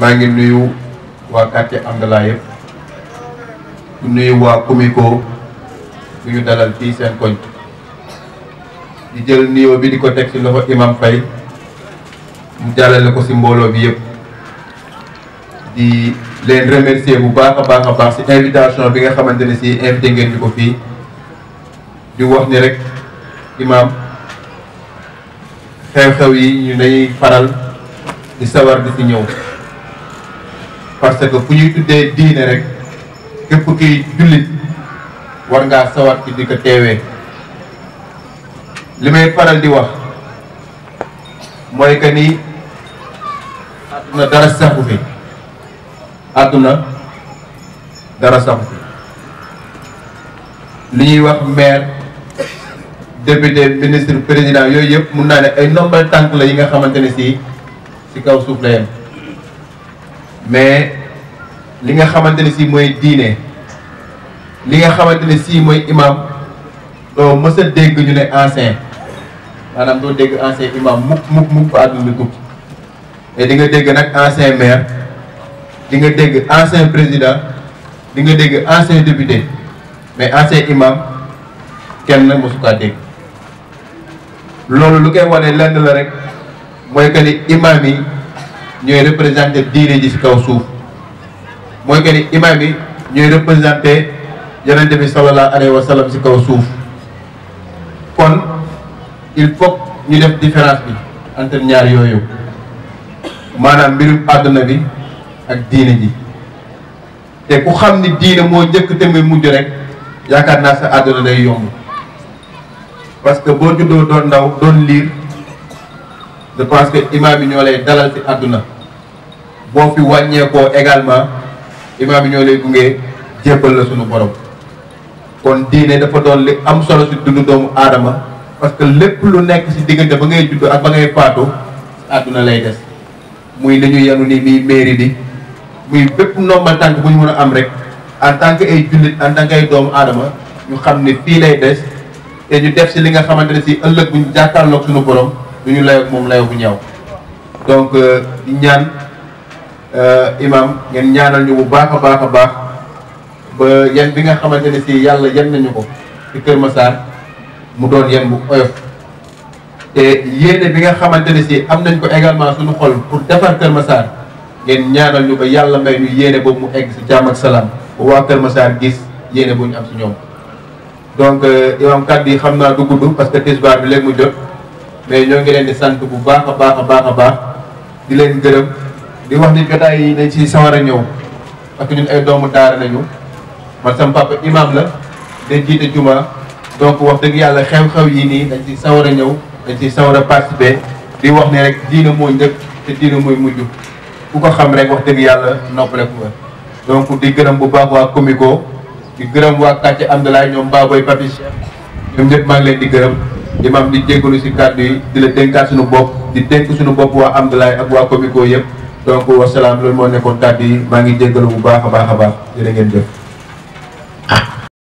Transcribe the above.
maa ngi nuyu waa quartier Amdala yëpp di nuyu waa Kumiko bu ñu dalal fii seen koñ di jël nuyoo bi di ko teg ci loxo imam fay mu jàllale ko ci mbooloo bi yëpp di leen remercier bu baax a baax a baax ci invitation bi nga xamante ne ci invité ko fii di wax ni rek imam xew-xew yi ñu dañuy faral di sawar di ci ñëw parce que fu ñuy tuddee diine rek képp ki jullit war ngaa sawar ci di ko teewee li may faral di wax mooy que ni àdduna dara saxu fi àdduna dara saxu fi li ñuy wax maire député ministre président yooyu yëpp mun naa ne ay ndombal tànk la yi nga xamante ne si si kaw suuf la mais li nga xamante ne sii mooy diine li nga xamante ne si mooy imam doo mës a dégg ñu ne ancien maanaam doo dégg ancien imam mukk mukk mukk ba àdduna tukki te di nga dégg nag ancien maire di nga dégg ancien président di nga dégg ancien député mais ancien imam kenn mësu kaa dégg loolu lu koy wane lenn la rek mooy que ni yi ñooy représenté diine ji ci kaw suuf mooy que ni imaam yi ñooy représenté yonent bi sallallahu alayhi wa sallam ci kaw suuf kon il faut ñu def différence bi entre ñaar yooyu maanaam mbirum àdduna bi ak diine ji te ku xam ni diine moo njëkk te muy mujj rek yaakaar naa sa àdduna day yomb parce que boo juddoo doon ndaw doon liir je pense que imaam yi ñoo lay dalal ci àdduna boo fi wàññeekoo également imaam yi ñoo lay gunge jébbal la suñu borom kon diine dafa doon li am solo ci dundu doomu aadama parce que lépp lu nekk ci diggante ba ngay judd ak ba ngay faatu àdduna lay des muy li yenu yanu ni muy mairie bi muy bépp nombal tànk bu ñu mën a am rek en tant que ay jullit en tant doomu aadama ñu xam ne fii lay des te ñu def si li nga xamante ne ci ëllëg bu ñu jàkkaarloog suñu borom. du ñu layoo moom layoo bu ñaaw donc euh, di ñaan euh, imam ngeen ñaanal ñu bu baax a baax a baax ba yan bi nga xamante ne si yàlla yan nañu ko ci Kër Massar mu doon yan bu oyof te yéene bi nga xamante ne si am nañ ko également suñu xol pour defar Kër Massar ngeen ñaanal ñu ba yàlla may ñu yéene boobu mu egg si jàmm ak salaam ba Kër Massar gis yéene bu ñu am si ñoom donc euh, imam kàddu yi xam naa du gudd parce que tisbaar bi mu jot mais ñoo ngi leen di sant bu baax a baax a baax a baax di leen gërëm di wax ni jotaay yi dañ ci sawar a ñëw parce que ñun ay doomu daara nañu man sama papa imam la day jiite juma donc wax dëgg yàlla xew-xew yi nii dañ ci sawar a ñëw dañ ci sawar a participer di wax ne rek diina mooy njëkk te diina mooy mujj ku ko xam rek wax dëgg yàlla noppale ko donc di gërëm bu baax waa Comico di gërëm waa kàcc kàcce Amdalaay ñoom Baboy Papi ñoom ñëpp maa ngi leen di gërëm imam di jégalu si kàddu yi di la dénkaat suñu bopp di dénk suñu bopp waa Amdoulaye ak waa Comico yëpp donc wasalaam loolu moo nekkoon kàddu yi maa ngi jégalu bu baax a baax a baax jërë ngeen jëf